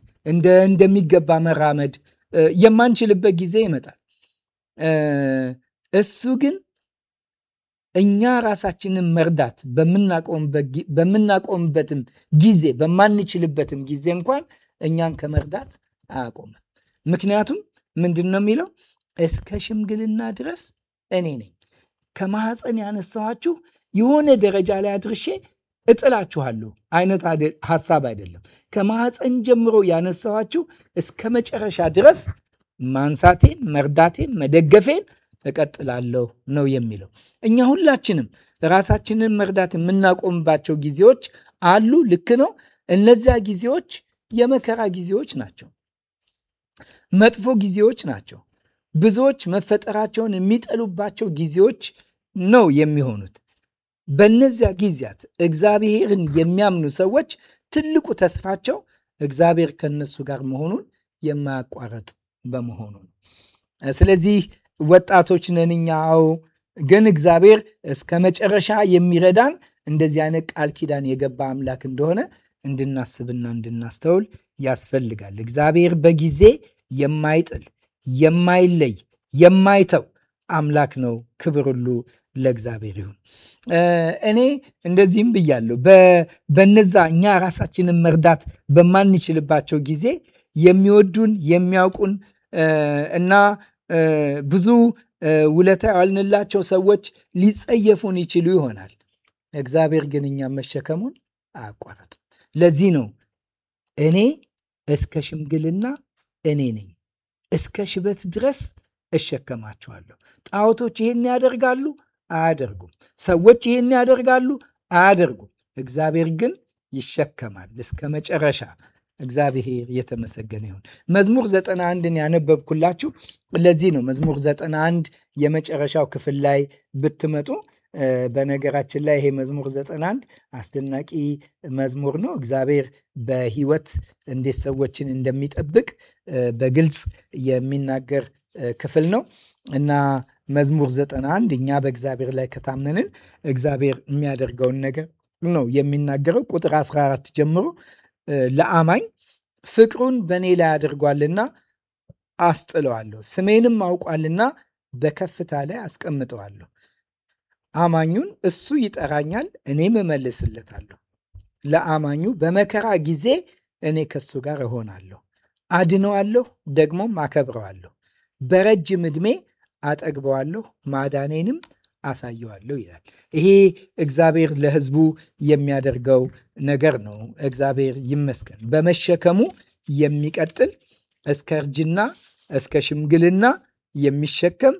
እንደሚገባ መራመድ የማንችልበት ጊዜ ይመጣል። እሱ ግን እኛ ራሳችንን መርዳት በምናቆምበትም ጊዜ በማንችልበትም ጊዜ እንኳን እኛን ከመርዳት አያቆምም። ምክንያቱም ምንድን ነው የሚለው? እስከ ሽምግልና ድረስ እኔ ነኝ። ከማህፀን ያነሳኋችሁ የሆነ ደረጃ ላይ አድርሼ እጥላችኋለሁ አይነት ሀሳብ አይደለም። ከማህፀን ጀምሮ ያነሳኋችሁ እስከ መጨረሻ ድረስ ማንሳቴን፣ መርዳቴን፣ መደገፌን እቀጥላለሁ ነው የሚለው። እኛ ሁላችንም ራሳችንን መርዳት የምናቆምባቸው ጊዜዎች አሉ። ልክ ነው። እነዚያ ጊዜዎች የመከራ ጊዜዎች ናቸው። መጥፎ ጊዜዎች ናቸው። ብዙዎች መፈጠራቸውን የሚጠሉባቸው ጊዜዎች ነው የሚሆኑት። በእነዚያ ጊዜያት እግዚአብሔርን የሚያምኑ ሰዎች ትልቁ ተስፋቸው እግዚአብሔር ከነሱ ጋር መሆኑን የማያቋረጥ በመሆኑ ነው። ስለዚህ ወጣቶች ነን እኛ። አዎ፣ ግን እግዚአብሔር እስከ መጨረሻ የሚረዳን እንደዚህ አይነት ቃል ኪዳን የገባ አምላክ እንደሆነ እንድናስብና እንድናስተውል ያስፈልጋል። እግዚአብሔር በጊዜ የማይጥል የማይለይ፣ የማይተው አምላክ ነው። ክብር ሁሉ ለእግዚአብሔር ይሁን። እኔ እንደዚህም ብያለሁ። በነዛ እኛ ራሳችንን መርዳት በማንችልባቸው ጊዜ የሚወዱን የሚያውቁን እና ብዙ ውለታ ያልንላቸው ሰዎች ሊጸየፉን ይችሉ ይሆናል። እግዚአብሔር ግን እኛ መሸከሙን አያቋረጥም። ለዚህ ነው እኔ እስከ ሽምግልና እኔ ነኝ፣ እስከ ሽበት ድረስ እሸከማቸዋለሁ ጣዖቶች ይህን ያደርጋሉ? አያደርጉም። ሰዎች ይህን ያደርጋሉ? አያደርጉም። እግዚአብሔር ግን ይሸከማል እስከ መጨረሻ። እግዚአብሔር የተመሰገነ ይሁን። መዝሙር ዘጠና አንድን ያነበብኩላችሁ ለዚህ ነው። መዝሙር ዘጠና አንድ የመጨረሻው ክፍል ላይ ብትመጡ በነገራችን ላይ ይሄ መዝሙር 91 አስደናቂ መዝሙር ነው። እግዚአብሔር በሕይወት እንዴት ሰዎችን እንደሚጠብቅ በግልጽ የሚናገር ክፍል ነው እና መዝሙር 91 እኛ በእግዚአብሔር ላይ ከታመንን እግዚአብሔር የሚያደርገውን ነገር ነው የሚናገረው። ቁጥር 14 ጀምሮ ለአማኝ ፍቅሩን በእኔ ላይ አድርጓልና አስጥለዋለሁ፣ ስሜንም አውቋልና በከፍታ ላይ አስቀምጠዋለሁ አማኙን እሱ ይጠራኛል፣ እኔም እመልስለታለሁ። ለአማኙ በመከራ ጊዜ እኔ ከሱ ጋር እሆናለሁ፣ አድነዋለሁ፣ ደግሞም አከብረዋለሁ፣ በረጅም ዕድሜ አጠግበዋለሁ፣ ማዳኔንም አሳየዋለሁ ይላል። ይሄ እግዚአብሔር ለሕዝቡ የሚያደርገው ነገር ነው። እግዚአብሔር ይመስገን። በመሸከሙ የሚቀጥል እስከ እርጅና እስከ ሽምግልና የሚሸከም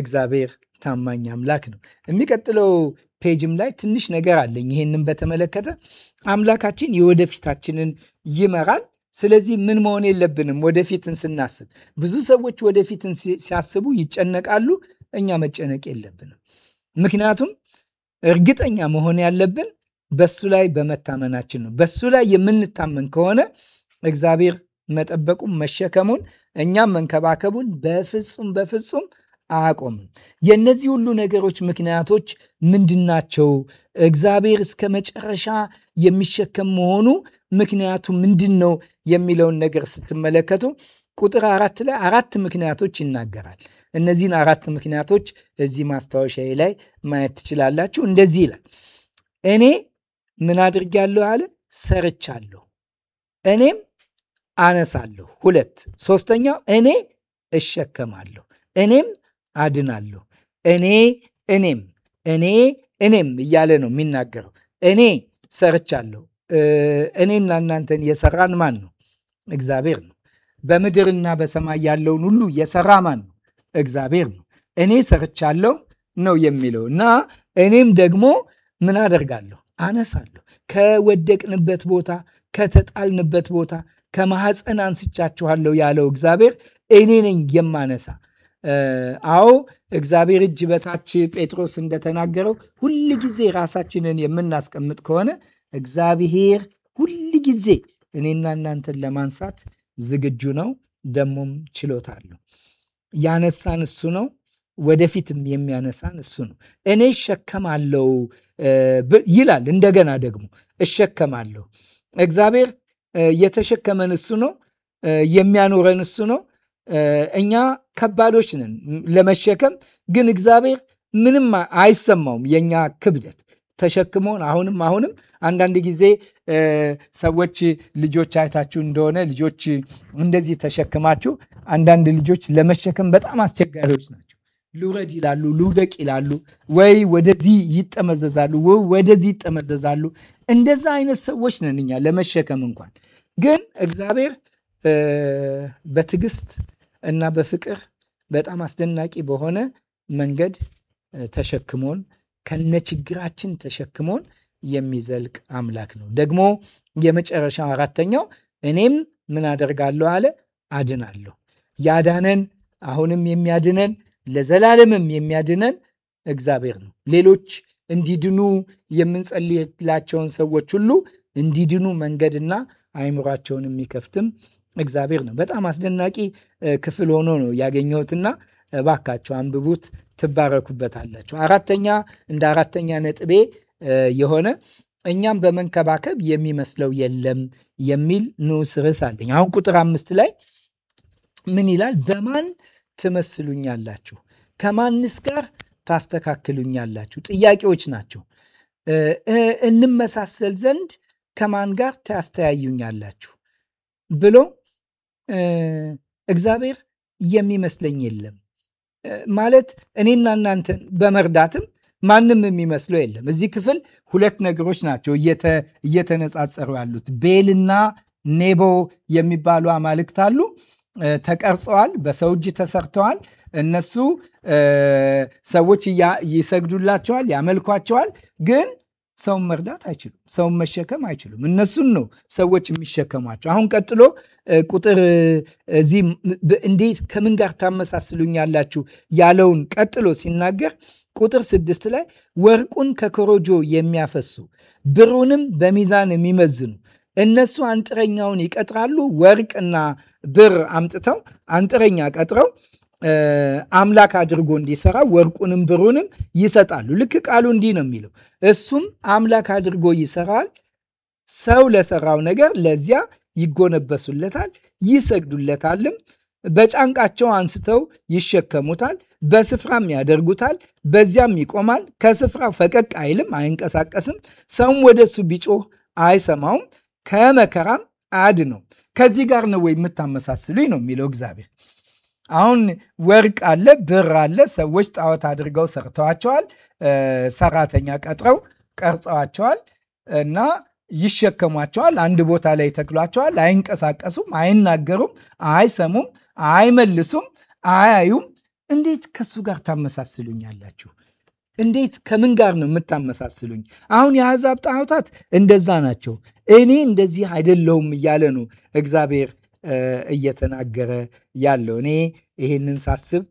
እግዚአብሔር ታማኝ አምላክ ነው። የሚቀጥለው ፔጅም ላይ ትንሽ ነገር አለኝ። ይሄንን በተመለከተ አምላካችን የወደፊታችንን ይመራል። ስለዚህ ምን መሆን የለብንም። ወደፊትን ስናስብ ብዙ ሰዎች ወደፊትን ሲያስቡ ይጨነቃሉ። እኛ መጨነቅ የለብንም። ምክንያቱም እርግጠኛ መሆን ያለብን በሱ ላይ በመታመናችን ነው። በሱ ላይ የምንታመን ከሆነ እግዚአብሔር መጠበቁን፣ መሸከሙን፣ እኛም መንከባከቡን በፍጹም በፍጹም አያቆምም። የእነዚህ ሁሉ ነገሮች ምክንያቶች ምንድናቸው? እግዚአብሔር እስከ መጨረሻ የሚሸከም መሆኑ ምክንያቱ ምንድን ነው የሚለውን ነገር ስትመለከቱ ቁጥር አራት ላይ አራት ምክንያቶች ይናገራል። እነዚህን አራት ምክንያቶች እዚህ ማስታወሻዬ ላይ ማየት ትችላላችሁ። እንደዚህ ይላል፣ እኔ ምን አድርጌያለሁ አለ ሰርቻለሁ፣ እኔም አነሳለሁ። ሁለት ሶስተኛው እኔ እሸከማለሁ፣ እኔም አድናለሁ። እኔ እኔም እኔ እኔም እያለ ነው የሚናገረው። እኔ ሰርቻለሁ። እኔና እናንተን የሰራን ማን ነው? እግዚአብሔር ነው። በምድርና በሰማይ ያለውን ሁሉ የሰራ ማን ነው? እግዚአብሔር ነው። እኔ ሰርቻለሁ ነው የሚለው እና እኔም ደግሞ ምን አደርጋለሁ? አነሳለሁ። ከወደቅንበት ቦታ፣ ከተጣልንበት ቦታ ከማሐፀን አንስቻችኋለሁ ያለው እግዚአብሔር እኔ ነኝ የማነሳ አዎ እግዚአብሔር እጅ በታች ጴጥሮስ እንደተናገረው ሁል ጊዜ ራሳችንን የምናስቀምጥ ከሆነ እግዚአብሔር ሁል ጊዜ እኔና እናንተን ለማንሳት ዝግጁ ነው። ደግሞም ችሎታለሁ። ያነሳን እሱ ነው። ወደፊትም የሚያነሳን እሱ ነው። እኔ እሸከማለሁ ይላል። እንደገና ደግሞ እሸከማለሁ። እግዚአብሔር የተሸከመን እሱ ነው። የሚያኖረን እሱ ነው። እኛ ከባዶች ነን ለመሸከም፣ ግን እግዚአብሔር ምንም አይሰማውም የእኛ ክብደት ተሸክሞን አሁንም አሁንም አንዳንድ ጊዜ ሰዎች ልጆች አይታችሁ እንደሆነ ልጆች እንደዚህ ተሸክማችሁ አንዳንድ ልጆች ለመሸከም በጣም አስቸጋሪዎች ናቸው። ልውረድ ይላሉ፣ ልውደቅ ይላሉ፣ ወይ ወደዚህ ይጠመዘዛሉ፣ ወይ ወደዚህ ይጠመዘዛሉ። እንደዛ አይነት ሰዎች ነን እኛ ለመሸከም እንኳን ግን እግዚአብሔር በትዕግስት እና በፍቅር በጣም አስደናቂ በሆነ መንገድ ተሸክሞን ከነ ችግራችን ተሸክሞን የሚዘልቅ አምላክ ነው። ደግሞ የመጨረሻ አራተኛው እኔም ምን አደርጋለሁ አለ አድናለሁ። ያዳነን አሁንም የሚያድነን ለዘላለምም የሚያድነን እግዚአብሔር ነው። ሌሎች እንዲድኑ የምንጸልላቸውን ሰዎች ሁሉ እንዲድኑ መንገድና አይምሯቸውን የሚከፍትም እግዚአብሔር ነው። በጣም አስደናቂ ክፍል ሆኖ ነው ያገኘሁትና እባካችሁ አንብቡት፣ ትባረኩበታላችሁ። አራተኛ እንደ አራተኛ ነጥቤ የሆነ እኛም በመንከባከብ የሚመስለው የለም የሚል ንዑስ ርዕስ አለኝ። አሁን ቁጥር አምስት ላይ ምን ይላል? በማን ትመስሉኛላችሁ? ከማንስ ጋር ታስተካክሉኛላችሁ? ጥያቄዎች ናቸው። እንመሳሰል ዘንድ ከማን ጋር ታስተያዩኛላችሁ ብሎ እግዚአብሔር የሚመስለኝ የለም ማለት እኔና እናንተን በመርዳትም ማንም የሚመስለው የለም። እዚህ ክፍል ሁለት ነገሮች ናቸው እየተነጻጸሩ ያሉት። ቤልና ኔቦ የሚባሉ አማልክት አሉ። ተቀርጸዋል፣ በሰው እጅ ተሰርተዋል። እነሱ ሰዎች ይሰግዱላቸዋል፣ ያመልኳቸዋል። ግን ሰውን መርዳት አይችሉም። ሰውን መሸከም አይችሉም። እነሱን ነው ሰዎች የሚሸከሟቸው። አሁን ቀጥሎ ቁጥር እዚህ እንዴት ከምን ጋር ታመሳስሉኛላችሁ ያለውን ቀጥሎ ሲናገር ቁጥር ስድስት ላይ ወርቁን ከኮሮጆ የሚያፈሱ ብሩንም በሚዛን የሚመዝኑ እነሱ አንጥረኛውን ይቀጥራሉ። ወርቅና ብር አምጥተው አንጥረኛ ቀጥረው አምላክ አድርጎ እንዲሰራ ወርቁንም ብሩንም ይሰጣሉ። ልክ ቃሉ እንዲህ ነው የሚለው፣ እሱም አምላክ አድርጎ ይሰራል። ሰው ለሰራው ነገር ለዚያ ይጎነበሱለታል፣ ይሰግዱለታልም። በጫንቃቸው አንስተው ይሸከሙታል፣ በስፍራም ያደርጉታል፣ በዚያም ይቆማል። ከስፍራው ፈቀቅ አይልም፣ አይንቀሳቀስም። ሰውም ወደሱ ቢጮህ አይሰማውም፣ ከመከራም አድ ነው። ከዚህ ጋር ነው ወይ የምታመሳስሉኝ ነው የሚለው እግዚአብሔር አሁን ወርቅ አለ፣ ብር አለ። ሰዎች ጣዖት አድርገው ሰርተዋቸዋል። ሰራተኛ ቀጥረው ቀርጸዋቸዋል እና ይሸከሟቸዋል። አንድ ቦታ ላይ ተክሏቸዋል። አይንቀሳቀሱም፣ አይናገሩም፣ አይሰሙም፣ አይመልሱም፣ አያዩም። እንዴት ከሱ ጋር ታመሳስሉኛላችሁ? እንዴት ከምን ጋር ነው የምታመሳስሉኝ? አሁን የአሕዛብ ጣዖታት እንደዛ ናቸው፣ እኔ እንደዚህ አይደለሁም እያለ ነው እግዚአብሔር እየተናገረ ያለው። እኔ ይህንን ሳስብ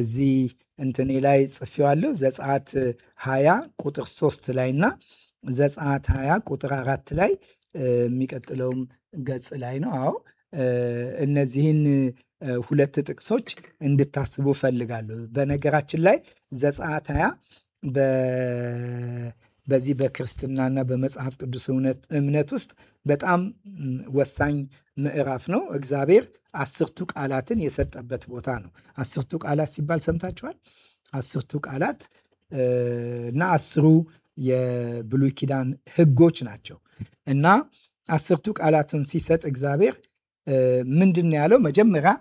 እዚህ እንትኔ ላይ ጽፌዋለሁ ዘጸአት 20 ቁጥር 3 ላይ እና ዘጸአት 20 ቁጥር አራት ላይ የሚቀጥለውም ገጽ ላይ ነው። አዎ እነዚህን ሁለት ጥቅሶች እንድታስቡ ፈልጋለሁ። በነገራችን ላይ ዘጸአት 20 በዚህ በክርስትናና በመጽሐፍ ቅዱስ እምነት ውስጥ በጣም ወሳኝ ምዕራፍ ነው። እግዚአብሔር አስርቱ ቃላትን የሰጠበት ቦታ ነው። አስርቱ ቃላት ሲባል ሰምታችኋል። አስርቱ ቃላት እና አስሩ የብሉይ ኪዳን ሕጎች ናቸው እና አስርቱ ቃላቱን ሲሰጥ እግዚአብሔር ምንድን ነው ያለው? መጀመሪያ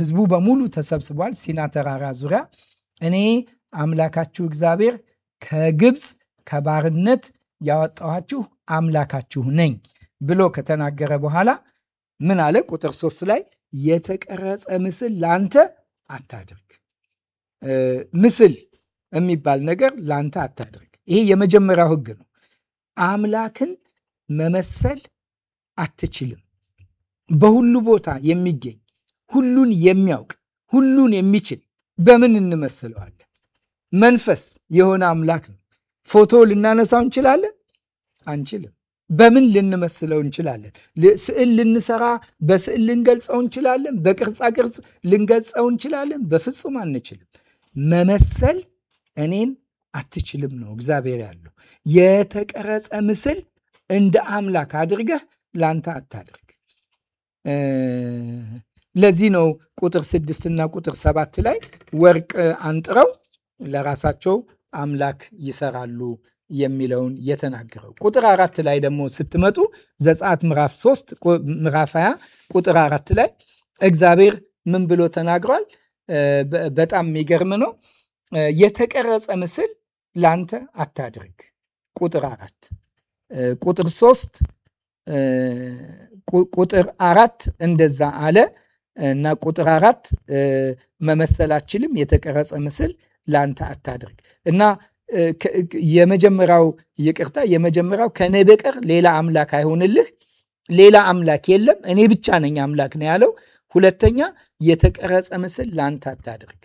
ሕዝቡ በሙሉ ተሰብስቧል ሲና ተራራ ዙሪያ እኔ አምላካችሁ እግዚአብሔር ከግብፅ ከባርነት ያወጣኋችሁ አምላካችሁ ነኝ ብሎ ከተናገረ በኋላ ምን አለ? ቁጥር ሶስት ላይ የተቀረጸ ምስል ለአንተ አታድርግ። ምስል የሚባል ነገር ለአንተ አታድርግ። ይሄ የመጀመሪያው ሕግ ነው። አምላክን መመሰል አትችልም። በሁሉ ቦታ የሚገኝ ሁሉን የሚያውቅ ሁሉን የሚችል በምን እንመስለዋለን? መንፈስ የሆነ አምላክ ነው። ፎቶ ልናነሳው እንችላለን? አንችልም። በምን ልንመስለው እንችላለን? ስዕል ልንሰራ፣ በስዕል ልንገልጸው እንችላለን? በቅርጻ ቅርጽ ልንገልጸው እንችላለን? በፍጹም አንችልም። መመሰል እኔን አትችልም ነው እግዚአብሔር ያለው። የተቀረጸ ምስል እንደ አምላክ አድርገህ ላንተ አታድርግ። ለዚህ ነው ቁጥር ስድስትና ቁጥር ሰባት ላይ ወርቅ አንጥረው ለራሳቸው አምላክ ይሰራሉ የሚለውን የተናገረው። ቁጥር አራት ላይ ደግሞ ስትመጡ ዘጸአት ምዕራፍ 3 ምዕራፍ 20 ቁጥር አራት ላይ እግዚአብሔር ምን ብሎ ተናግሯል? በጣም የሚገርም ነው። የተቀረጸ ምስል ለአንተ አታድርግ። ቁጥር አራት ቁጥር ሶስት ቁጥር አራት እንደዛ አለ እና ቁጥር አራት መመሰላችንም የተቀረጸ ምስል ለአንተ አታድርግ እና የመጀመሪያው ይቅርታ፣ የመጀመሪያው ከእኔ በቀር ሌላ አምላክ አይሆንልህ፣ ሌላ አምላክ የለም፣ እኔ ብቻ ነኝ አምላክ ነው ያለው። ሁለተኛ የተቀረጸ ምስል ለአንተ አታድርግ፣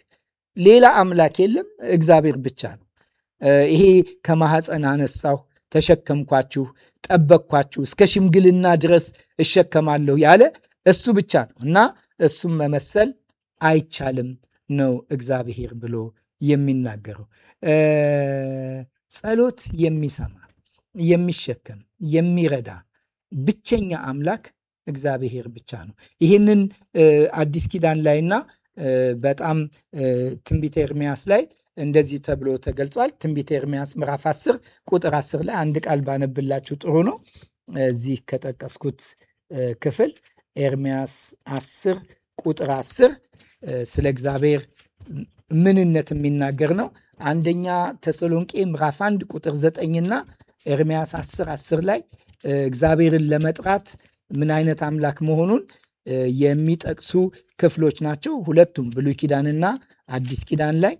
ሌላ አምላክ የለም፣ እግዚአብሔር ብቻ ነው። ይሄ ከማህፀን አነሳሁ፣ ተሸከምኳችሁ፣ ጠበቅኳችሁ፣ እስከ ሽምግልና ድረስ እሸከማለሁ ያለ እሱ ብቻ ነው እና እሱም መመሰል አይቻልም ነው እግዚአብሔር ብሎ የሚናገረው። ጸሎት የሚሰማ የሚሸከም የሚረዳ ብቸኛ አምላክ እግዚአብሔር ብቻ ነው። ይህንን አዲስ ኪዳን ላይና በጣም ትንቢተ ኤርሚያስ ላይ እንደዚህ ተብሎ ተገልጿል። ትንቢተ ኤርሚያስ ምዕራፍ 10 ቁጥር 10 ላይ አንድ ቃል ባነብላችሁ ጥሩ ነው። እዚህ ከጠቀስኩት ክፍል ኤርሚያስ 10 ቁጥር 10 ስለ እግዚአብሔር ምንነት የሚናገር ነው። አንደኛ ተሰሎንቄ ምዕራፍ 1 ቁጥር 9ና ኤርሚያስ 10 10 ላይ እግዚአብሔርን ለመጥራት ምን አይነት አምላክ መሆኑን የሚጠቅሱ ክፍሎች ናቸው። ሁለቱም ብሉይ ኪዳንና አዲስ ኪዳን ላይ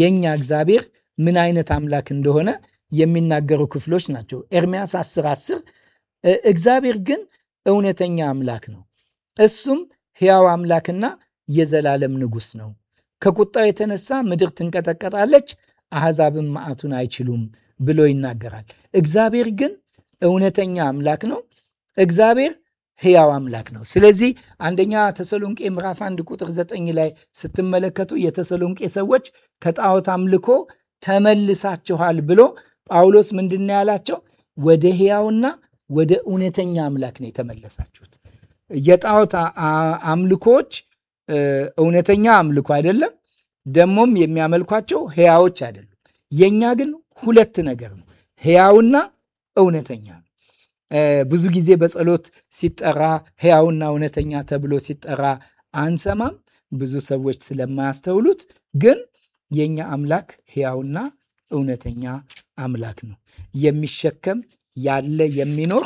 የእኛ እግዚአብሔር ምን አይነት አምላክ እንደሆነ የሚናገሩ ክፍሎች ናቸው። ኤርሚያስ 10 10 እግዚአብሔር ግን እውነተኛ አምላክ ነው፣ እሱም ሕያው አምላክና የዘላለም ንጉሥ ነው ከቁጣው የተነሳ ምድር ትንቀጠቀጣለች፣ አሕዛብም መዓቱን አይችሉም ብሎ ይናገራል። እግዚአብሔር ግን እውነተኛ አምላክ ነው። እግዚአብሔር ሕያው አምላክ ነው። ስለዚህ አንደኛ ተሰሎንቄ ምዕራፍ አንድ ቁጥር ዘጠኝ ላይ ስትመለከቱ የተሰሎንቄ ሰዎች ከጣዖት አምልኮ ተመልሳችኋል ብሎ ጳውሎስ ምንድን ያላቸው ወደ ሕያውና ወደ እውነተኛ አምላክ ነው የተመለሳችሁት። የጣዖት አምልኮዎች እውነተኛ አምልኮ አይደለም። ደግሞም የሚያመልኳቸው ህያዎች አይደሉም። የእኛ ግን ሁለት ነገር ነው፣ ህያውና እውነተኛ ነው። ብዙ ጊዜ በጸሎት ሲጠራ ህያውና እውነተኛ ተብሎ ሲጠራ አንሰማም፣ ብዙ ሰዎች ስለማያስተውሉት። ግን የእኛ አምላክ ህያውና እውነተኛ አምላክ ነው። የሚሸከም ያለ የሚኖር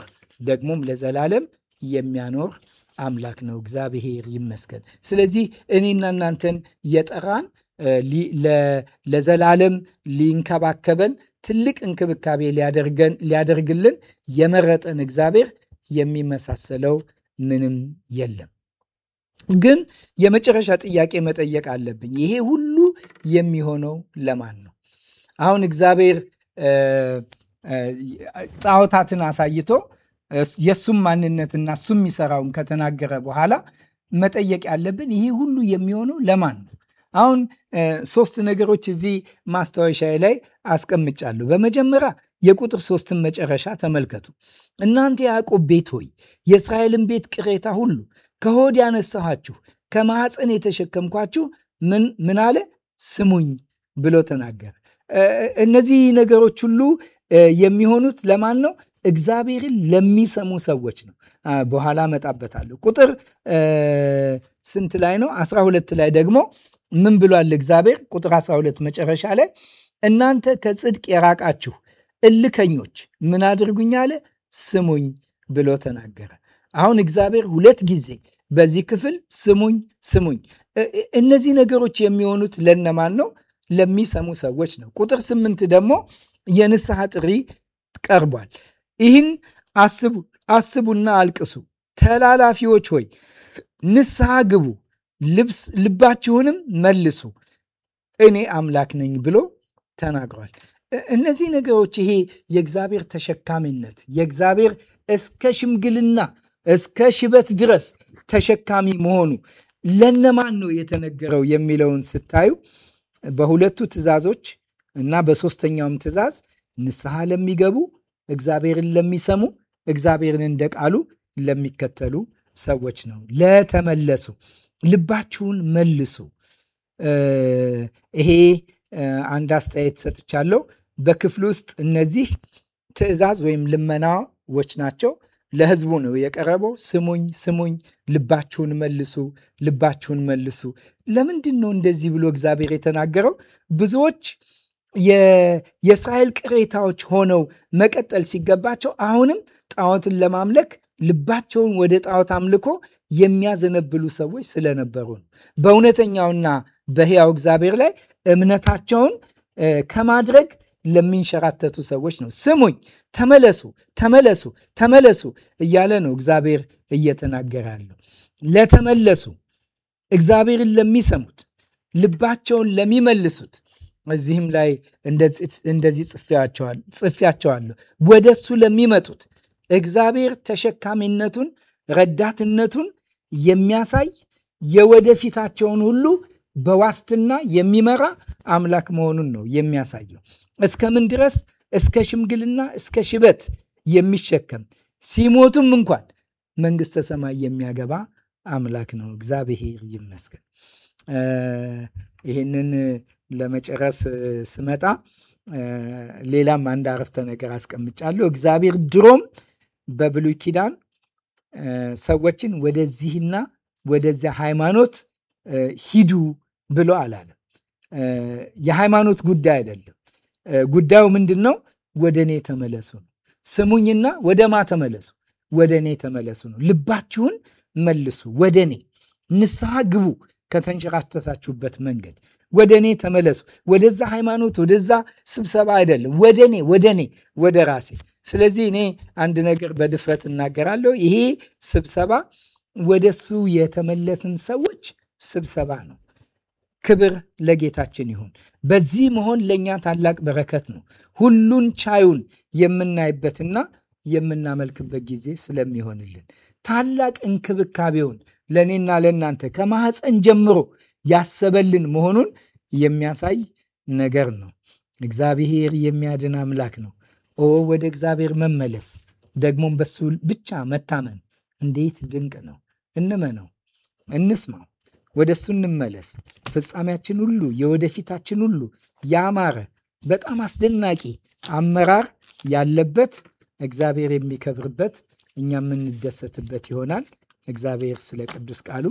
ደግሞም ለዘላለም የሚያኖር አምላክ ነው። እግዚአብሔር ይመስገን። ስለዚህ እኔና እናንተን የጠራን ለዘላለም ሊንከባከበን ትልቅ እንክብካቤ ሊያደርግልን የመረጠን እግዚአብሔር የሚመሳሰለው ምንም የለም። ግን የመጨረሻ ጥያቄ መጠየቅ አለብኝ። ይሄ ሁሉ የሚሆነው ለማን ነው? አሁን እግዚአብሔር ጣዖታትን አሳይቶ የእሱም ማንነትና እሱ የሚሰራውን ከተናገረ በኋላ መጠየቅ ያለብን ይሄ ሁሉ የሚሆነው ለማን ነው? አሁን ሶስት ነገሮች እዚህ ማስታወሻ ላይ አስቀምጫለሁ። በመጀመሪያ የቁጥር ሶስትን መጨረሻ ተመልከቱ። እናንተ የያዕቆብ ቤት ሆይ የእስራኤልን ቤት ቅሬታ ሁሉ ከሆድ ያነሳኋችሁ ከማዕፀን የተሸከምኳችሁ ምን ምን አለ ስሙኝ ብሎ ተናገረ። እነዚህ ነገሮች ሁሉ የሚሆኑት ለማን ነው? እግዚአብሔርን ለሚሰሙ ሰዎች ነው። በኋላ እመጣበታለሁ። ቁጥር ስንት ላይ ነው? 12 ላይ ደግሞ ምን ብሏል እግዚአብሔር? ቁጥር 12 መጨረሻ ላይ እናንተ ከጽድቅ የራቃችሁ እልከኞች ምን አድርጉኝ አለ ስሙኝ ብሎ ተናገረ። አሁን እግዚአብሔር ሁለት ጊዜ በዚህ ክፍል ስሙኝ ስሙኝ። እነዚህ ነገሮች የሚሆኑት ለነማን ነው? ለሚሰሙ ሰዎች ነው። ቁጥር ስምንት ደግሞ የንስሐ ጥሪ ቀርቧል። ይህን አስቡና አልቅሱ። ተላላፊዎች ሆይ ንስሐ ግቡ፣ ልባችሁንም መልሱ፣ እኔ አምላክ ነኝ ብሎ ተናግሯል። እነዚህ ነገሮች ይሄ የእግዚአብሔር ተሸካሚነት የእግዚአብሔር እስከ ሽምግልና እስከ ሽበት ድረስ ተሸካሚ መሆኑ ለነማን ነው የተነገረው የሚለውን ስታዩ በሁለቱ ትእዛዞች እና በሶስተኛውም ትእዛዝ ንስሐ ለሚገቡ እግዚአብሔርን ለሚሰሙ እግዚአብሔርን እንደ ቃሉ ለሚከተሉ ሰዎች ነው። ለተመለሱ ልባችሁን መልሱ። ይሄ አንድ አስተያየት ሰጥቻለሁ። በክፍል ውስጥ እነዚህ ትዕዛዝ ወይም ልመናዎች ናቸው። ለህዝቡ ነው የቀረበው። ስሙኝ ስሙኝ፣ ልባችሁን መልሱ፣ ልባችሁን መልሱ። ለምንድን ነው እንደዚህ ብሎ እግዚአብሔር የተናገረው? ብዙዎች የእስራኤል ቅሬታዎች ሆነው መቀጠል ሲገባቸው አሁንም ጣዖትን ለማምለክ ልባቸውን ወደ ጣዖት አምልኮ የሚያዘነብሉ ሰዎች ስለነበሩ ነው። በእውነተኛውና በሕያው እግዚአብሔር ላይ እምነታቸውን ከማድረግ ለሚንሸራተቱ ሰዎች ነው። ስሙኝ፣ ተመለሱ፣ ተመለሱ፣ ተመለሱ እያለ ነው እግዚአብሔር እየተናገረ ለተመለሱ እግዚአብሔርን ለሚሰሙት ልባቸውን ለሚመልሱት እዚህም ላይ እንደዚህ ጽፌያቸዋለሁ። ወደ እሱ ለሚመጡት እግዚአብሔር ተሸካሚነቱን ረዳትነቱን የሚያሳይ የወደፊታቸውን ሁሉ በዋስትና የሚመራ አምላክ መሆኑን ነው የሚያሳየው። እስከ ምን ድረስ? እስከ ሽምግልና፣ እስከ ሽበት የሚሸከም ሲሞቱም እንኳን መንግስተ ሰማይ የሚያገባ አምላክ ነው። እግዚአብሔር ይመስገን። ይህንን ለመጨረስ ስመጣ ሌላም አንድ አረፍተ ነገር አስቀምጫለሁ። እግዚአብሔር ድሮም በብሉይ ኪዳን ሰዎችን ወደዚህና ወደዚያ ሃይማኖት ሂዱ ብሎ አላለም። የሃይማኖት ጉዳይ አይደለም። ጉዳዩ ምንድን ነው? ወደ እኔ ተመለሱ ነው። ስሙኝና ወደ ማ ተመለሱ? ወደ እኔ ተመለሱ ነው። ልባችሁን መልሱ፣ ወደ እኔ ንስሐ ግቡ ከተንሸራተታችሁበት መንገድ ወደ እኔ ተመለሱ። ወደዛ ሃይማኖት፣ ወደዛ ስብሰባ አይደለም፣ ወደ እኔ ወደ እኔ ወደ ራሴ። ስለዚህ እኔ አንድ ነገር በድፍረት እናገራለሁ። ይሄ ስብሰባ ወደሱ የተመለስን ሰዎች ስብሰባ ነው። ክብር ለጌታችን ይሁን። በዚህ መሆን ለእኛ ታላቅ በረከት ነው። ሁሉን ቻዩን የምናይበትና የምናመልክበት ጊዜ ስለሚሆንልን ታላቅ እንክብካቤውን ለእኔና ለእናንተ ከማህፀን ጀምሮ ያሰበልን መሆኑን የሚያሳይ ነገር ነው። እግዚአብሔር የሚያድን አምላክ ነው። ኦ ወደ እግዚአብሔር መመለስ ደግሞም በሱ ብቻ መታመን እንዴት ድንቅ ነው! እንመነው፣ እንስማው፣ ወደ እሱ እንመለስ። ፍጻሜያችን ሁሉ የወደፊታችን ሁሉ ያማረ በጣም አስደናቂ አመራር ያለበት እግዚአብሔር የሚከብርበት እኛ የምንደሰትበት ይሆናል። እግዚአብሔር ስለ ቅዱስ ቃሉ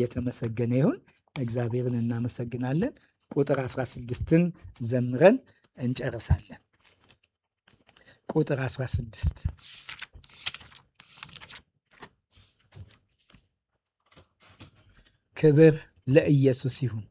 የተመሰገነ ይሁን። እግዚአብሔርን እናመሰግናለን። ቁጥር 16ን ዘምረን እንጨርሳለን። ቁጥር 16 ክብር ለኢየሱስ ይሁን።